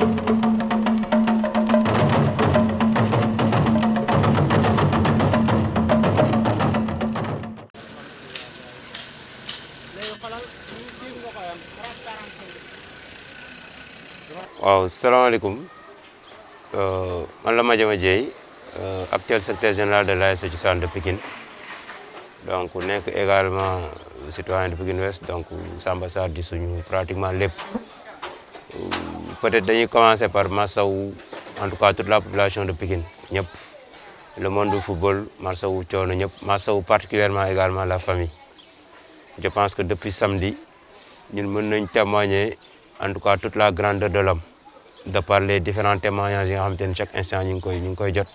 waaw salaamaaleykum man la Madiama Dieye actuel secrétaire général de l'ASC Cosaan de Pikine donc nekk également citoyen de Pikine Ouest donc Samba Sarr di suñu pratiquement lépp peut-être dañuy commencer par Massaou, en tout cas toute la population de Pékin. le monde du football tout choono ñep ou particulièrement également la famille je pense que depuis samedi ñun mën nañ témoigner en tout cas toute la grandeur de l'homme de par les différents témoignages yi chaque instant ñing avons koy ñing koy jot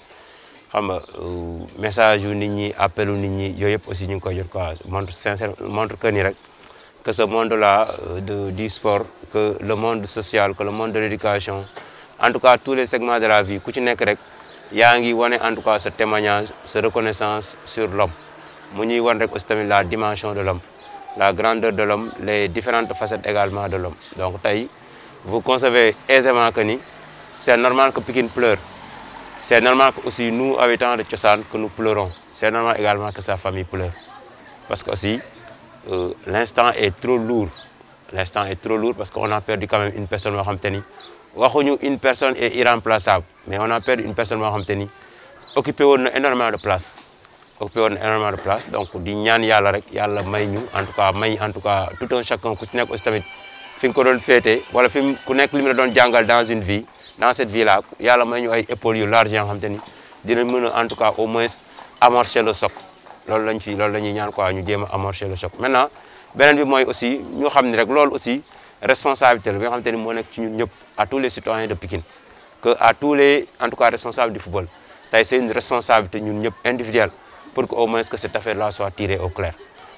xam euh, message nit ñi nit ñi aussi ñing koy jot montre sincère montre que ni que ce monde-là euh, du sport, que le monde social, que le monde de l'éducation, en tout cas tous les segments de la vie, il y a en tout cas ce témoignage, ce reconnaissance sur l'homme. Nous avons la dimension de l'homme, la grandeur de l'homme, les différentes facettes également de l'homme. Donc, vous concevez aisément que c'est normal que Pékin pleure. C'est normal aussi nous, habitants de Tchassan, que nous pleurons. C'est normal également que sa famille pleure. Parce que aussi, euh, l'instant est trop lourd l'instant est trop lourd parce qu'on a perdu quand même une personne boo waxuñu une personne est irremplaçable mais on a perdu une personne boo occupé woon na énormément de place occupé woon na énormément de place donc di ñaan Yalla rek yàlla may ñu en tout cas may en tout cas tout un chacun ku ci nekk aussi tamit fi nga ko doon fété wala fi ku nek li mu la doon dans une vie dans cette vie là yàlla may ñu ay épaules yu large yoo xam te ni dina mën en tout cas au moins amorcer le socle c'est lañ que nous le choc maintenant nous bi que aussi responsabilité de à tous les citoyens de Pékin, que à tous les en tout cas responsables du football c'est une responsabilité individuelle pour que au moins que cette affaire là soit tirée au clair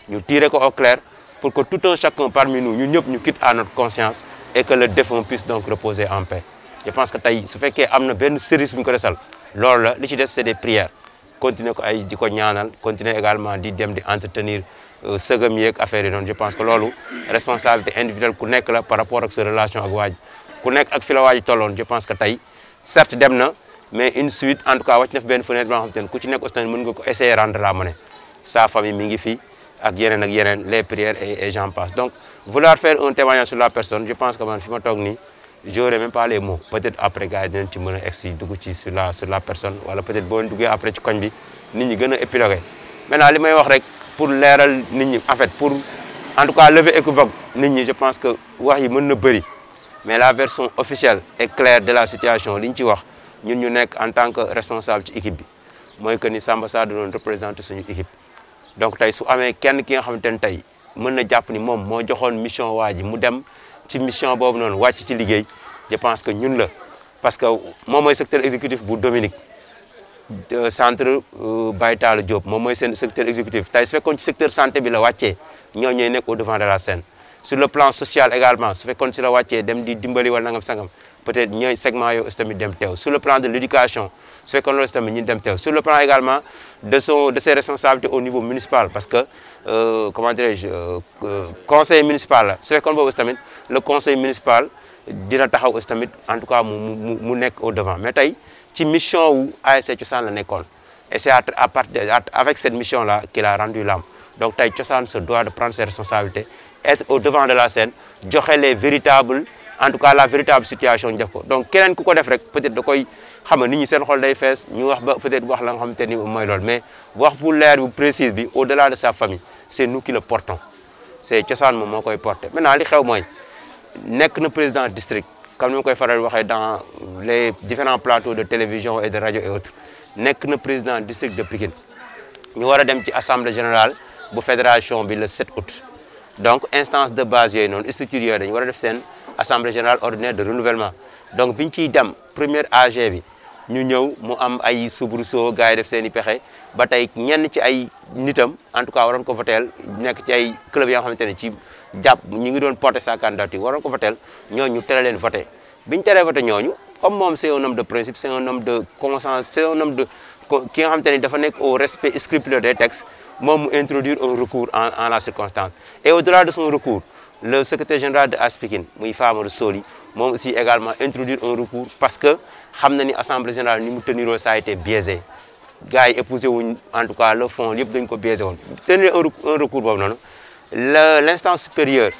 Nous tirons au clair pour que tout un chacun parmi nous nous ñëpp quitte à notre conscience et que le défunt puisse donc reposer en paix je pense que ce fait qu'il y a benn service c'est des prières continuer ko ay di ko ñaanal continuer également di dem di entretenir euh, sëgëm yeeg affaire yi je pense que lolu responsabilité individuelle ku nekk la par rapport ak sa relation ak waa ku nekk ak fi la waa je pense que tay certes dem na mais une suite en tout cas wàcc na ben fenêtre boo xam ku ci nekk ostane meun nga ko essayer rendre la monnaie sa famille mi ngi fi ak yenen ak yenen les prières et j'en passe donc vouloir faire un témoignage sur la personne je pense que man fima tok ni j'aurais même pas les mots peut-être après gars tu dinañ ci mën ci sur la sur la personne wala peut-être boo duggee après ci connais bi nit ñi gën a maintenant li may wax rek pour leeral nit ñi en fait pour en tout cas lever équivoque nit ñi je pense que wax yi mën na mais la version officielle et claire de la situation li ñu ci wax ñun ñu en tant que responsable ci équipe bi mooy que ni Samba Sarr doon représenté suñu équipe donc tey su amee kenn ki nga xamante ne tey mën na jàpp ni moom moo joxoon mission ou ji mu dem ci mission bobu non wacc ci liguey je pense que ñun la parce que moom secteur exécutif bu Dominique euh, centre euh, Baye job. Diop moom secteur exécutif tay su fekkoon ci secteur santé bi la wàccee ñoo ñooy nekk au devant de la scène sur le plan social également su fekkoon si la wàccee dem di dimbali wala nangam sangam peut-être ñoy segment yo estami dem teew sur le plan de l'éducation sur le plan également de son de ses responsabilités au niveau municipal parce que euh, comment dirais-je euh, euh, conseil municipal le conseil municipal en tout cas mu mu au devant mais c'est une mission wu ASC Cosaan la école. et c'est avec cette mission là qu'il a rendu l'âme donc tey Cosaan se doit de prendre ses responsabilités être au devant de la scène joxe les véritables en tout cas la véritable situation donc quelqu'un ku ko def rek peut-être xam nga nit ñi seen xol day fees peut-être wax la mais wax bu leer bu précise au-delà de sa famille c'est nous qui le portons c'est cosaan moom moo koy porté maintenant li xew mooy nekk na président district comme ni ma koy faral dans les différents plateaux de télévision et de radio et autres nekk na président district de Pikine ñu war a dem ci assemblée générale bu fédération bi le 7 août donc instance de base yooyu noonu structure yooyu dañu assemblée générale ordinaire de renouvellement donc biñ ciy dem première AG bi ñu ñëw mu am ay soubresaut gars yi def seen i pexe ba tey ñenn ci ay nitam en tout cas waroon ko voteel nekk ci ay club yoo xamante ne ci jàpp ñi ngi doon porter sa candidature waroon ko voteel ñooñu tere leen voté biñ ñu voté ñooñu comme moom un homme de principe c'est un homme de conscience c'est un homme de ki nga xamante ne dafa nekk au respect scrupuleux des textes moom mu introduire un recours en en la circonstance et au-delà de son recours le secrétaire général de aspikin muy Famara Soli moi aussi également introduire un recours parce que xamna ni assemblée générale ni mu ça a été biaisé gars épousé en tout cas le fond yépp dañ ko biaisé won tenir un recours boobu non l'instance le supérieure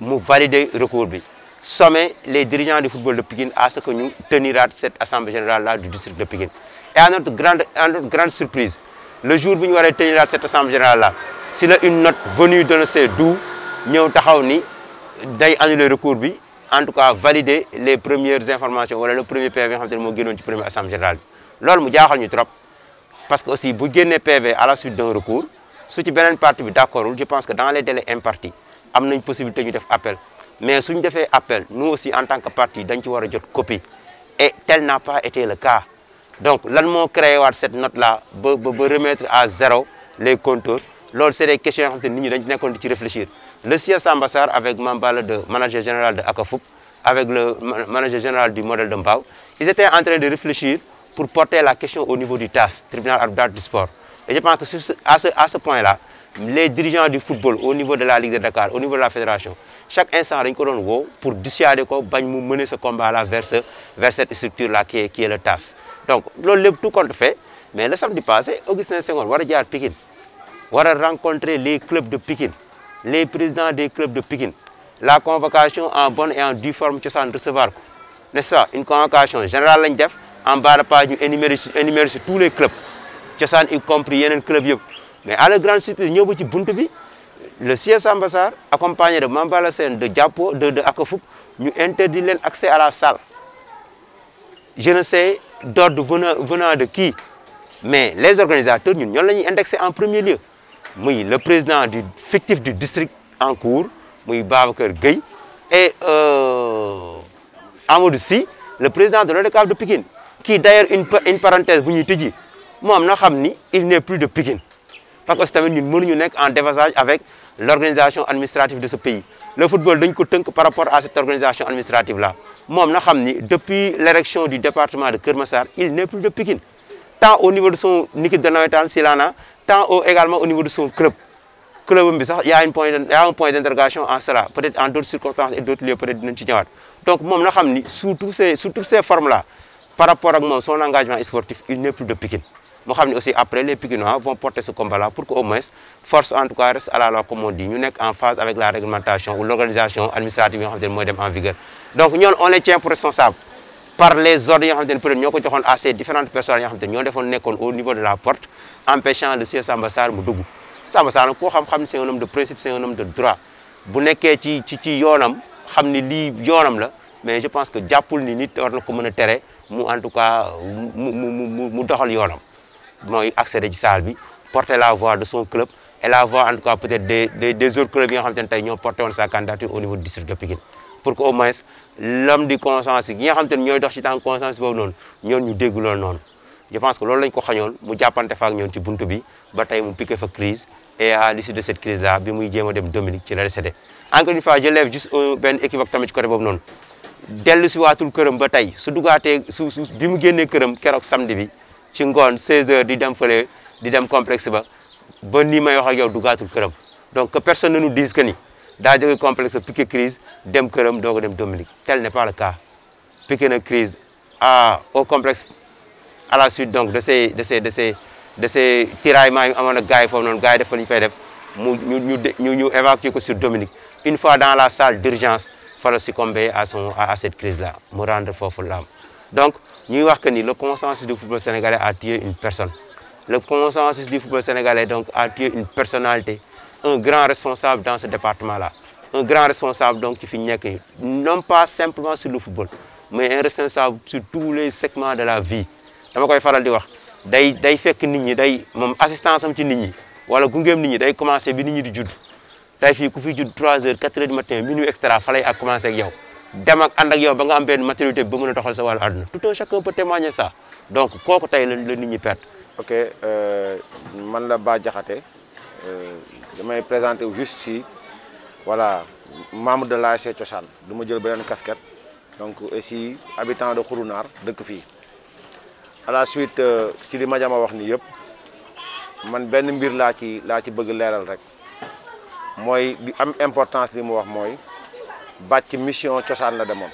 mu valider recours bi sommet les dirigeants du football de Pékin à ce que nous tenirat cette assemblée générale là du district de Pékin. et à notre grande grande surprise le jour où nous allons tenir cette assemblée générale là si une note venue de nos sais d'où taxaw ni day annuler recours bi en tout cas valider les premières informations wala le premier PV nga le premier assemblée générale C'est ce mu jaaxal ñu trop parce que aussi bu un PV à la suite d'un recours su ci un parti bi je pense que dans les délais impartis a une possibilité ñu def appel mais suñu fait appel nous aussi en tant que parti dañ ci wara copie et tel n'a pas été le cas donc lan mo créé cette note là ba remettre à zéro les contours. c'est des questions que nous réfléchir le siège ambassadeur avec le manager général de Akafouk, avec le manager général du modèle de ils étaient en train de réfléchir pour porter la question au niveau du TAS, Tribunal arbitral du sport. Et je pense que ce, à ce, point-là, les dirigeants du football au niveau de la Ligue de Dakar, au niveau de la fédération, chaque instant, ils ont pour dissuader quoi, mener ce combat-là vers, cette structure-là qui, est, le TAS. Donc, le, tout compte fait, mais le samedi passé, Augustin Senghor, il a rencontrer les clubs de Pékin les présidents des clubs de Pékin, la convocation en bonne et en due forme que ça recevoir. N'est-ce pas Une convocation générale en bas de page, énumérée sur, sur tous les clubs. y compris un club. Mais à la grande surprise, nous avons dit le CS Ambassade, accompagné de Mambala Sen, de Diapo, de, de Akofouk, nous interdit l'accès à la salle. Je ne sais d'ordre venant, de qui, mais les organisateurs, nous, nous l'avons indexé en premier lieu le président du fictif du district en cours et Babacar Gueye et euh, Amadou si le président de l'ODCAV de Pékin, qui d'ailleurs une une parenthèse vous n'y il n'est plus de Pékin. parce que c'est un en dévasage avec l'organisation administrative de ce pays le football ko par rapport à cette organisation administrative là depuis l'érection du département de Kermassar, il n'est plus de Pékin. tant au niveau de son équipe de navétane Silana tant au, également au niveau de son club. Club, il y a, point, un point d'interrogation en cela. Peut-être en d'autres circonstances et d'autres lieux, peut-être Donc, moi, je sous, tous ces, sous toutes ces formes-là, par rapport à son engagement sportif, il n'est plus de piquet. Je sais aussi après, les Piquinois vont porter ce combat-là pour qu'au moins, force en tout cas reste à la loi, comme on dit. Nous sommes en phase avec la réglementation ou l'organisation administrative en vigueur. Donc, nous, on les tient pour responsables par les ordres yoo xamante ne peut être à ces différentes personnes yoo xamante ne ñoo defoon nekkoon au niveau de la porte empêchant le siège ambassadeur Sarr mu dugg Samba Sarr xam-xam c'est un homme de principe c'est un homme de droit bu nekkee ci ci ci yoonam xam ni lii yoonam la mais je pense que diapul ni nit war na ko mën a mu en tout cas mu mu mu doxal yoonam mooy accéder ci salle bi porter la voix de son club et la voix en tout cas peut être des des des autres clubs yoo xamante ne tey ñoo porté woon sa candidature au niveau du district de Pikine pour que au moins l'homme de conscience qui a xam te ne ñooy de conscience tànk consensus nous noonu non je pense que loolu lañ ko xañoon mu jàppante fa ak ñoom ci buntu bi ba tey mu piqué fa crise et à l'issue de cette crise là bi muy jéem dem Dominique ci la décédé encore une fois je lève juste benn équivoque tamit ci côté boobu noonu dellu si waatul këram ba tey su dugaatee su su bi mu génnee këram keroog samedi bi ci ngoon 16h di dem fële di dem complexe ba ba nii may wax ak yow dugaatul këram donc personne ne nous dise que ni daa jóge complexe piqué crise dem këram doog dem Dominique tel n'est pas le cas une crise à au complexe à la suite donc de ces de ces de ces de ces tiraillements yi amoon ak gars yi gars yi def sur Dominique une fois dans la salle d'urgence il la succomber à à cette crise là mu rendre foofu l'âme donc ñuy wax que le consensus du football sénégalais a tué une personne le consensus du football sénégalais donc a tué une personnalité un grand responsable dans ce département là un grand responsable donc qui finit non pas simplement sur le football, mais un responsable sur tous les segments de la vie. dama koy faral di wax day day fekk nit ñi day mom assistance am ci nit ñi wala gungeem nit ñi day commencer bi nit ñi di judd tay fi ku fi judd 3 h 4 h du matin minuit extra falay ak commencer ak yow dem ak and ak yow ba nga am ben maturité ba mëna doxal sa wàllu aduna tout un chacun peut témoigner ça donc kooku tey la la nit ñi perte. ok euh man la ba Bah euh damay présenter juste si. voilà membre de l'ASC Cosaan du kasket, jël benen casquette donc aussi habitant de Khourounar deuk fi à la suite euh, ci li Madiama wax ni yépp man benn mbir la ci la ci bëgg léral rek moy bi am importance li mu wax mooy bàcc mission cosaan la demoon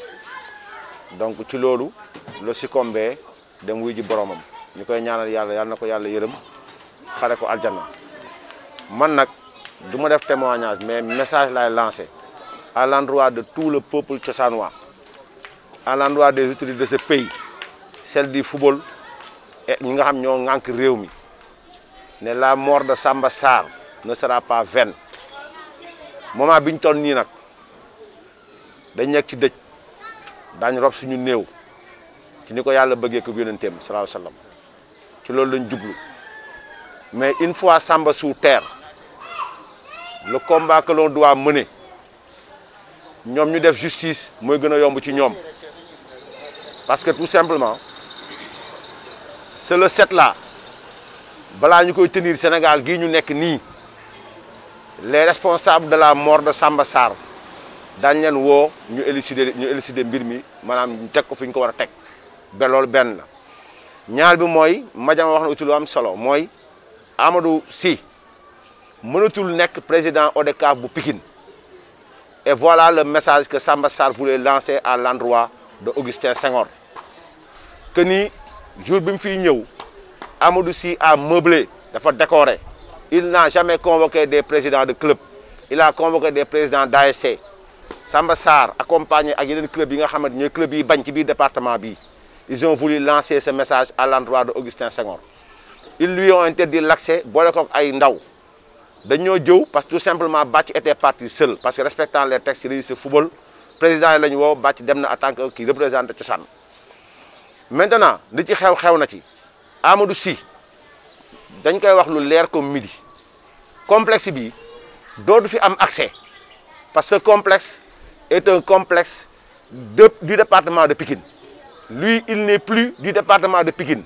donc ci lolu le succombé dem wuy ji boromam ñu koy ñaanal yalla yalla nako yalla xaré ko aljana man nak du ma def témoignage mais message est lancé à l'endroit de tout le peuple cosaanois à l'endroit des autorités de ce pays celle du football et nous nga xam ñoo ŋànk mi ne la mort de Samba Sarr ne sera pas vaine moment bi ñu toll nii nag dañ nekk ci dëj daañu rob suñu néew ci ni ko yàlla bëggee ko yonenteem salaahu salaam ci loolu lañ jublu mais une fois Samba sous terre le combat que l'on doit mener ñoom ñu def justice mooy gën a yomb ci ñoom parce que tout simplement c'est le set là balaa ñu koy tenir Sénégal gii ñu nekk nii les responsables de la mort de Samba Sarr daañu leen woo ñu élucider ñu élucider mbir mi maanaam ñu teg ko fi ñu ko war a teg ba loolu benn bi mooy Madiama wax na aussi am solo mooy Amadou si mënatul Nek, président Odeka bu et voilà le message que Samba Sarr voulait lancer à l'endroit d'Augustin Augustin Senghor que ni jour bi Amadou Sy a meublé dafa décoré il n'a jamais convoqué des présidents de clubs..! il a convoqué des présidents d'ASC Samba Sarr accompagné avec le club yi club yi département ils ont voulu lancer ce message à l'endroit d'Augustin Senghor ils lui ont interdit l'accès à ko dañoo jëw parce que tout simplement Batch était parti seul parce que respectant les textes qui le football président a la ñu woo Bathie dem na en tant que qui maintenant li ci xew xew na ci Amadou Sy dañ koy wax lu leer comme midi complexe bi ont fi am accès parce que complexe est un complexe du département de Pékin.. lui il n'est plus du département de Pékin..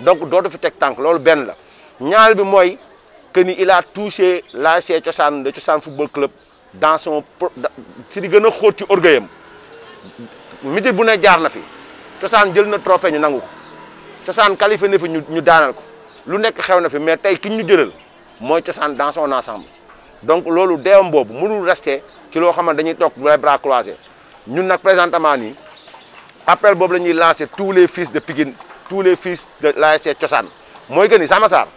donc d'autres fi tek tank lolu ben la ñaal bi que ni il a touché l'ASC cosaan de cosaan football club dans son si di gën a xóot ci orgueilam mitir bu ne jaar na fi cosaan jël na trophée ñu nangu ko cosaan qualifié na fi ñu ñu daanal ko lu nekk xew na fi mais tey ki ñu jëlal mooy cosaan dans son ensemble donc loolu deewam boobu mënul rester ci loo xamante dañuy toog les ñun nag présentement nii appel boobu la ñuy lancer tous les fils de Pikine tous les fils de l'ASC cosaan mooy que ni Sama Sarr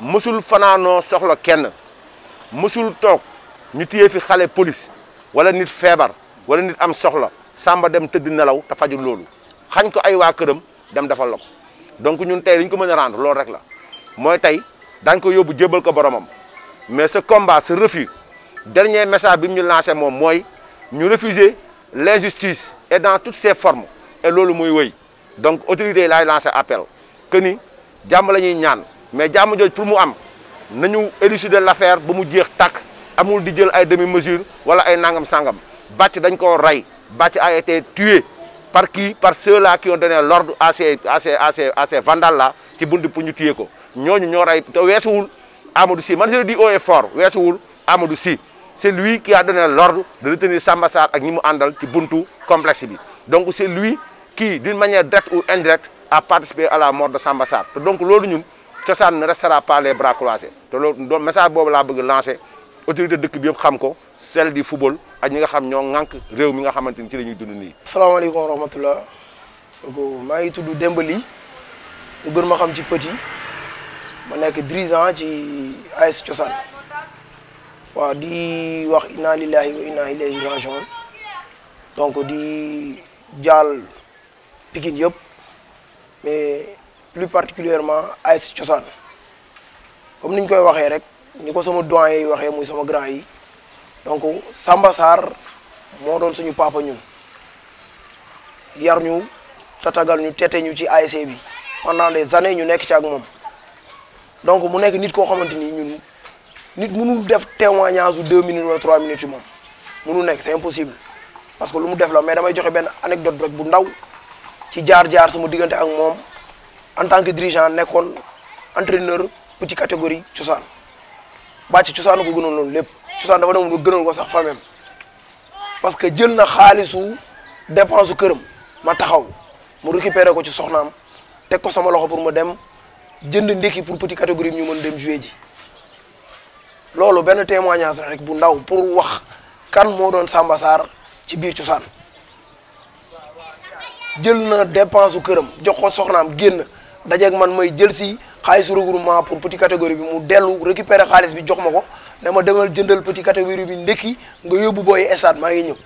mësul fanano soxla kenn mësul tok ñu téye fi xalé police wala nit feebar wala nit am soxla samba dem teud nelaw ta faju lolu xagn ko ay wa këram dem dafa lok donc ñun tay li ñu ko mën a rendre loolu rek la moy tay daañ ko yóbbu jébal ko boromam mais ce combat ce refus dernier message bimu ñu lancer mom moy ñu refuser l'injustice et dans toutes ses formes et lolu moy wëy donc autorité lay lancer appel que ni jamm la ñaan mais jàmm joj pour mu am nañu élucider l'affaire ba mu jeex tak amul di jël ay demi mesure wala ay nangam sangam bàcc dañ ko ray bàcc a été tué par qui par ceux-là qui ont donné l'ordre à ces à ces à ces à ces vandales là ci bunt pour ñu tuer ko ñoñu ñoo ray te weesuwul Amadou si man je le dis haut et fort weesuwul Amadou si? c'est lui qui a donné l'ordre de retenir Samba Sarr ak ñi mu andal ci buntu complexe bi donc c'est lui qui d'une manière directe ou indirecte a participé à la mort de Samba Sarr donc lolu ñun cosaan ne restera pas les bras croisés do loolu message bobu la bëgg lancer autorité dëkk bi yëpp xam ko celle du football ak ñi nga xam ñoo ngank réew mi nga xamanteni ni ci lañuy dund ni assalamu alaykum wa ko ma ngi tuddu Dembali ñu gën ma xam ci petit ma nekk dirigeant ci AS Cosaan wa di wax inna lillahi wa inna ilayhi rajiun donc di jall Pikine yëpp mais. plus particulièrement ASC Cosaan comme ni ñu koy waxee rek ni ko sama doyen yi waxee muy sama grand yi donc Samba Sarr moo doon suñu papa ñu yar ñu tatagal ñu tete ñu ci ay ASC bi pendant des années ñu nekk ci ak moom donc mu nekk nit koo xamante ni ñun nit mënul def témoignage su deux minutes wala trois minutes ci moom munu nekk c'est impossible parce que lu mu def la mais damay joxe benn anecdote rek bu ndaw ci jaar-jaar sama diggante ak moom en tant que dirigeant nekkon entraîneur petit catégorie ba ci cosaan ko gënoon non lepp cosaan dafa demoon gënal ko sax famem parce que jël na xaalisu dépense kërëm ma taxaw mu récupérer ko ci soxnam teg ko sama loxo pour mu dem jënd ndékki pour petit catégorie ñu mën dem jouer ji lolu ben témoignage rek bu ndaw pour wax kan mo doon sambassar ci biir cosaan jël na dépense kërëm jox ko soxnam génn dajeeg man may jël si xaalisu regroupement pour petit catégorie bi mu dellu récupérer xaalis bi jox ma ko ne ma demal jëndal petit catégorie bi ndekki nga yóbbu booy estade maa ngi ñëw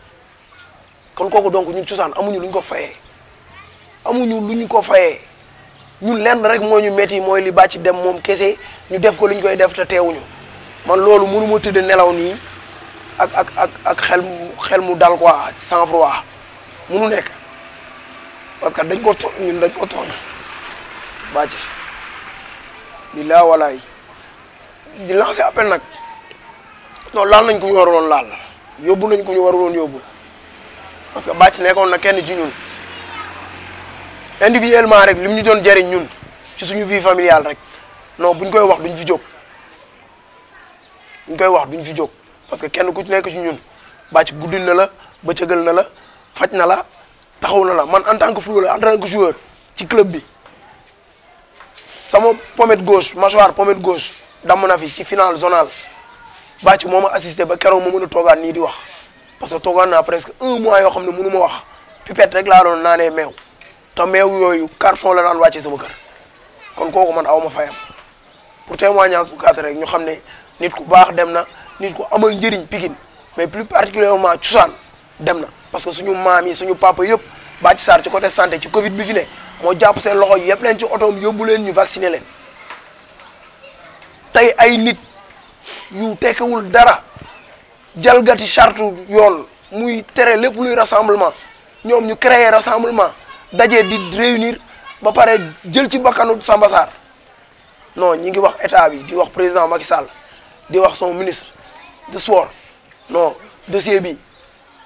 kon kooku donc ñun cosaan amuñu lu ñu ko fayee amuñu lu ñu ko fayee ñun lenn rek moo ñu métti mooy li bàcc dem moom kese ñu def ko li ñu koy def te teewuñu man loolu mënu ma tëdd nelaw nii ak ak ak ak xel mu xel mu dal quoi sans froid mënu nekk parce que dañ ko tooñ ñun dañ ko bàcc di laa walaay di lancé appel nag non laal nañ ku ñu waruloon laal yóbbu nañ ku ñu waruloon yóbbu parce que bàcc nekkoon na kenn ci ñun individuellement rek lim ñu doon jëriñ ñun ci suñu vie familiale rek non buñ koy wax duñ fi jóg buñ koy wax duñ fi jóg parce que kenn ku ci nekk ci ñun bàcc guddil na la bëccëgal na la faj na la taxaw na la man en tant que la en tant que joueur ci club bi sama pommette gauche mâchoire pommette gauche damm na fi ci final zonal bàcc moo ma assisté ba keroog ma mën a toogaan nii di wax parce que toogaan naa presque un mois yoo xam ne mënu ma wax pipette rek laa doon naanee meew te meew yooyu carton la daan wàcce sama kër kon kooku man aw ma fayam pour témoignage bu gàtt rek ñu xam ne nit ku baax dem na nit ku amal njëriñ Pikine mais plus particulièrement cosaan dem na parce que suñu maam yi suñu papa yëpp bàcc saar ci côté santé ci Covid bi fi ne. moo jàpp seen loxo yëpp leen ci otoom yóbbu leen ñu vacciner leen tey ay nit yu tekkewul dara jalgati charte yoon muy tere lépp luy rassemblement ñoom ñu créer rassemblement dajee di réunir ba pare jël ci bakkanu sambasar Sarr non ñi ngi wax état bi di wax président Macky Sall di wax son ministre de sport non dossier bi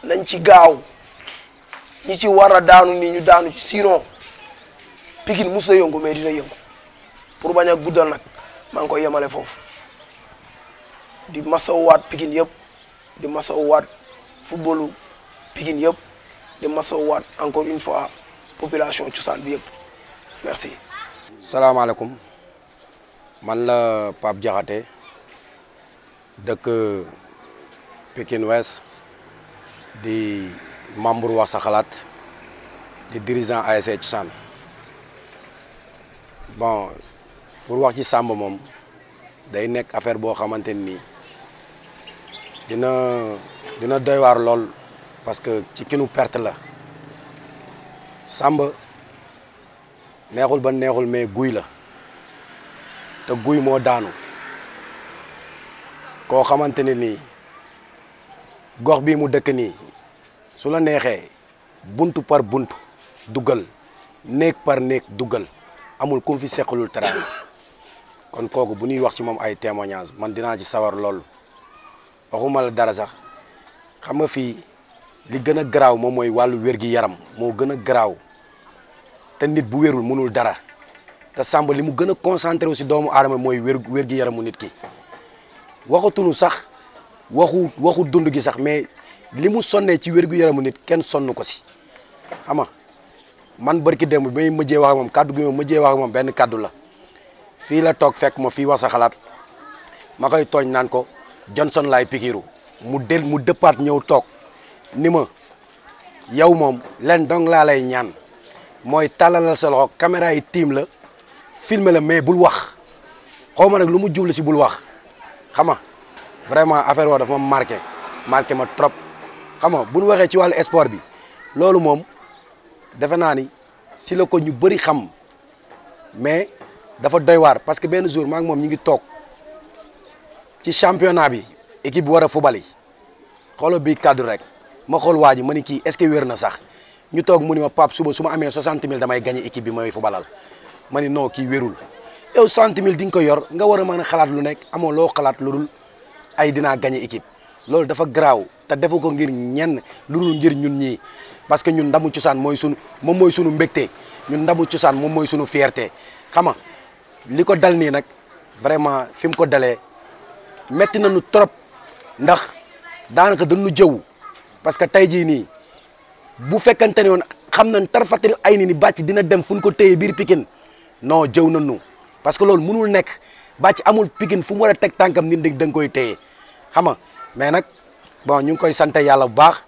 nañ ci gaaw ñi ci war a daanu ni ñu daanu ci sinon pikin mos na yëngu mais dina yëngu pour bañ a guddal nag maa ngi koy yemale foofu di waat pikin yëpp di waat footballu pikin yëpp di masawuwaat encore une fois population cosaan bi yëpp merci. salaamaaleykum man la Pape Diakhaté dëkk Pikine Ouest di membre wax sa xalaat di dirigeant ASC Cosaan. bon pour wax ci Samba moom day nekk affaire boo xamante nii dina dina doy waar lool parce que ci kinu perte la Samba neexul ba neexul mais guy la te guy moo daanu koo xamante ne nii gox bi mu dëkk ni su la neexee buntu par bunt dugal néeg par néeg dugal amul ku mu fi seqalul teraanga kon kooku bu ñuy wax ci moom ay témoignage man dinaa ci sawar lool waxuma la dara sax xam nga fii li gën a garaaw moom mooy wàllu wér-gi-yaram moo gën a garaaw te nit bu wérul mënul dara te Samba li mu gën a concentré ci doomu adama mooy wér wér-gi-yaramu nit ki waxatunu sax waxu waxu dund gi sax mais li mu sonnee ci wér-gu-yaramu nit kenn sonn ko si ama man barki dem bi may mëjee wax mom kaddu gi ma mëjee wax mom ben kaddu la fii la tok fek mo fi wasa xalat makay togn nan ko Johnson lay pikiru mu del mu depart ñew tok nima yaw mom len dong la lay ñaan moy tàllalal sa loxo caméra yi tim la filmer la mais bul wax xaw nak lu mu jublu si bul wax xama vraiment affaire woo dafa marqué marqué ma trop xama nga bu ñu ci wal sport bi lolu mom defe naa si ko ñu bari xam mais dafa doy war parce que ben jour ma ak mom ñi ngi tok ci championnat bi équipe wara war a fubal yi rek ma xol waji mané ki dama est ce que wér sax ñu tok mu ni ma pap suba suma amé 60000 damay gagner équipe bi moy fubalal mané no non ki wërul yow 60000 ding ko yor nga wara mëna xalat lu nek amo lo xalat lu dul ay dina gagner équipe dafa graw ta defu ngir ñen lu ngir ñun ñi parce que ñun ndamu cosaan mooy sunu moom mooy sunu mbégte ñun ndamu cosaan moom mooy sunu fierté xam nga ko dal nii nag vraiment fi mu ko dalee metti nañu trop ndax daanaka dañu jëw parce que tey jii nii bu fekkante ne woon xam nañ tarfatil ay ni ni bàcc dina dem fu ñu ko téye biir Pikine non jëw nañu parce que loolu mënul nekk bàcc amul Pikine fu mu war a teg tànkam nit da nga koy téye xam nga mais nag bon ñu ngi koy sante yàlla bu baax.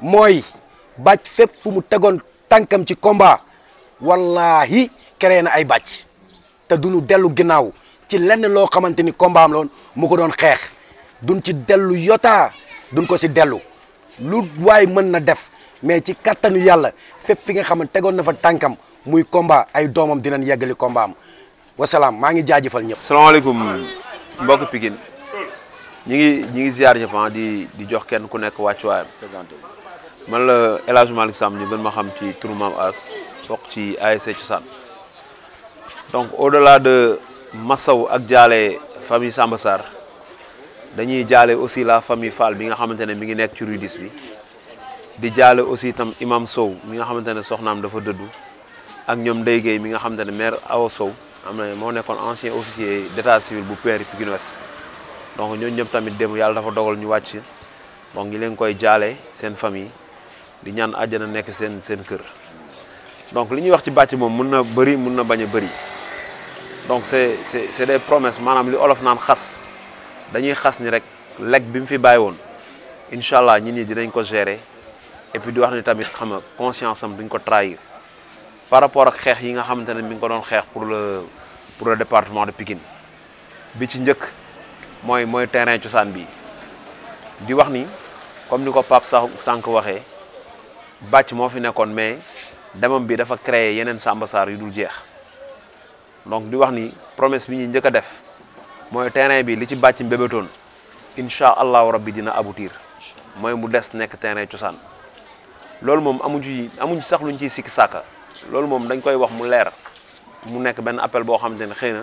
mooy bàcc fépp fu mu tegoon tànkam ci combat wallahi créé na ay bàcc te duñu dellu ginnaaw ci lenn loo xamante ni combat loon mu ko doon xeex duñ ci dellu yotaa duñ ko si dellu lu waay mën na def mais ci kattanu yàlla fépp fi nga xam tegoon na fa tànkam muy combat ay doomam dinañ yeggali combat am wasalaam maa ngi jaajëfal ñëpp. salaamaaleykum mbokk Pikine ñi ngi ñi ngi ziar ñëpp ah, di di jox kenn ku nekk wàccuwaayam. man la elage malik Sam ñu gën ma xam ci turu Mam As bokk ci ASC sat donc au delà de Massaw ak jaale famille Samba dañuy jaale aussi la fami Fall bi nga xamantene mi ngi nekk ci rue bi di aussi tam imam Sow mi nga xamantene soxnam dafa dëdd ak ñom ndey gay mi nga xamantene maire awo Sow am na moo ancien officier d'état civil bu père Pikine West donc ñoo ñëpp tamit dem yalla dafa dogal ñu wacc donc ngi leen koy seen famille di ñaan aljana nek sen sen kër donc li ñuy wax ci bacc mom mun na bëri mun na bañ a bëri donc c'est c'est c'est des promesses manam li olof naan xass dañuy xass ni rek lek bi mu fi bàyyi woon incha allah ñit dinañ ko gérer et puis di wax ni tamit xam nga conscience am duñ ko trahir par rapport ak xex yi nga xamantene mi ngi ko doon xex pour le pour le département de Pikine bi ci ñëk moy moy terrain ciusan bi di wax ni comme ni ko Pape sank waxe bàcc mo fi nekkoon mais demam bi dafa créer yeneen Samba Sarr yu dul jeex donc di wax ni promesse bi ñuy njëkk a def mooy terrain bi li ci bàcc mbébétoon incha allahu rabbi dina aboutir mooy mu des nekk terrain cosaan loolu moom amuñu ci amuñ sax luñ ciy sikki sàkka loolu moom dañ koy wax mu leer mu nekk benn appel boo xamante ne xëy na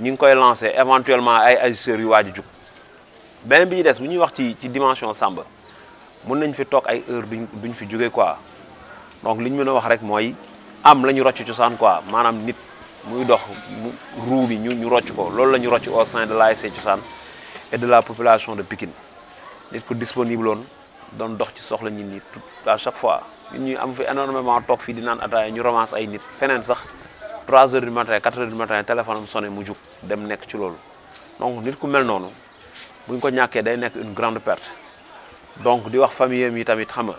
ñi ngi koy lancer éventuellement ay agisseurs yu waaj a jug beneen bi ñu des bu ñuy wax ci ci dimension Samba. mun nañ fi toog ay heure duñ ñu fi jóge quoi donc li ñu mën a wax rek mooy am la ñu rocc cosaan quoi maanaam nit muy dox mu bi ñu ñu rocc ko loolu la ñu rocc au sein de l'ASC cosaan et de la population de Pikine nit ku disponible woon doon dox ci soxla nit ñi à chaque fois ñun ñuy am fi énormément toog fii di naan ataaya ñu romance ay nit feneen sax 3 heures du matin 4 heures du matin téléphone am mu jug dem nekk ci loolu donc nit ku mel noonu bu ko ñàkkee day nekk une grande perte donc di wax famille yi tamit xam nga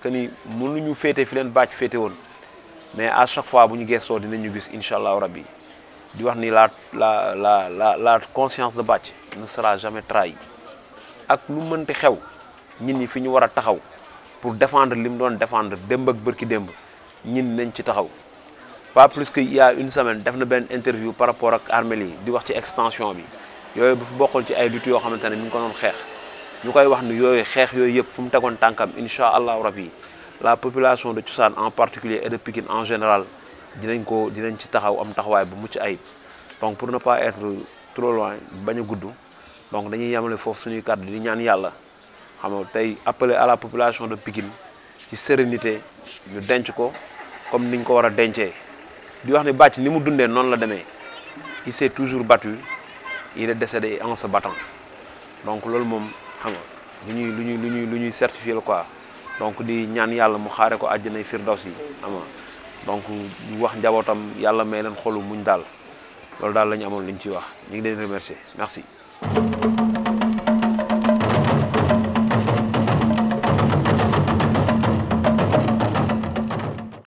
que ni mënuñu féete fi leen bàcc féete woon mais à chaque fois bu ñu gestoo dinañu gis incha allahu rabbi di wax ni la la la la conscience de bàcc ne sera jamais trahie ak lu mënti xew ñit ñi fi ñu taxaw pour défendre li doon défendre démb ak bërki démb ñin nañ ci taxaw pas plus que il y a une semaine def na interview par rapport ak armée yi di wax ci extension bi yooyu bu fi bokkul ci ay lutte yoo xamante ne mi ngi ko ñu koy wax ni yooyu xeex yooyu yëpp fu mu tegoon tànkam incha la population de Thiossane en particulier et de Pikine en général dinañ ko dinañ ci taxaw am taxawaay bu mucc ayib donc pour ne pas être trop loin bañ a donc dañuy yemale foofu suñuy kàddu di ñaan yàlla xam nga appeler à la population de Pikine ci sérénité ñu denc ko comme niñ ko war a dencee di wax ni bàcc ni mu dundee noonu la demee il s'est toujours battu il est décédé en se battant donc loolu moom. xam nga lu ñuy lu ñuy lu ñuy lu ñuy certifié quoi donc di ñaan yàlla mu xaare ko àjjanay firdaws yi xam nga donc wax njabootam yàlla may leen xolu muñ daal loolu daal lañu amoon li ñu ciy wax ñu ngi leen remercier merci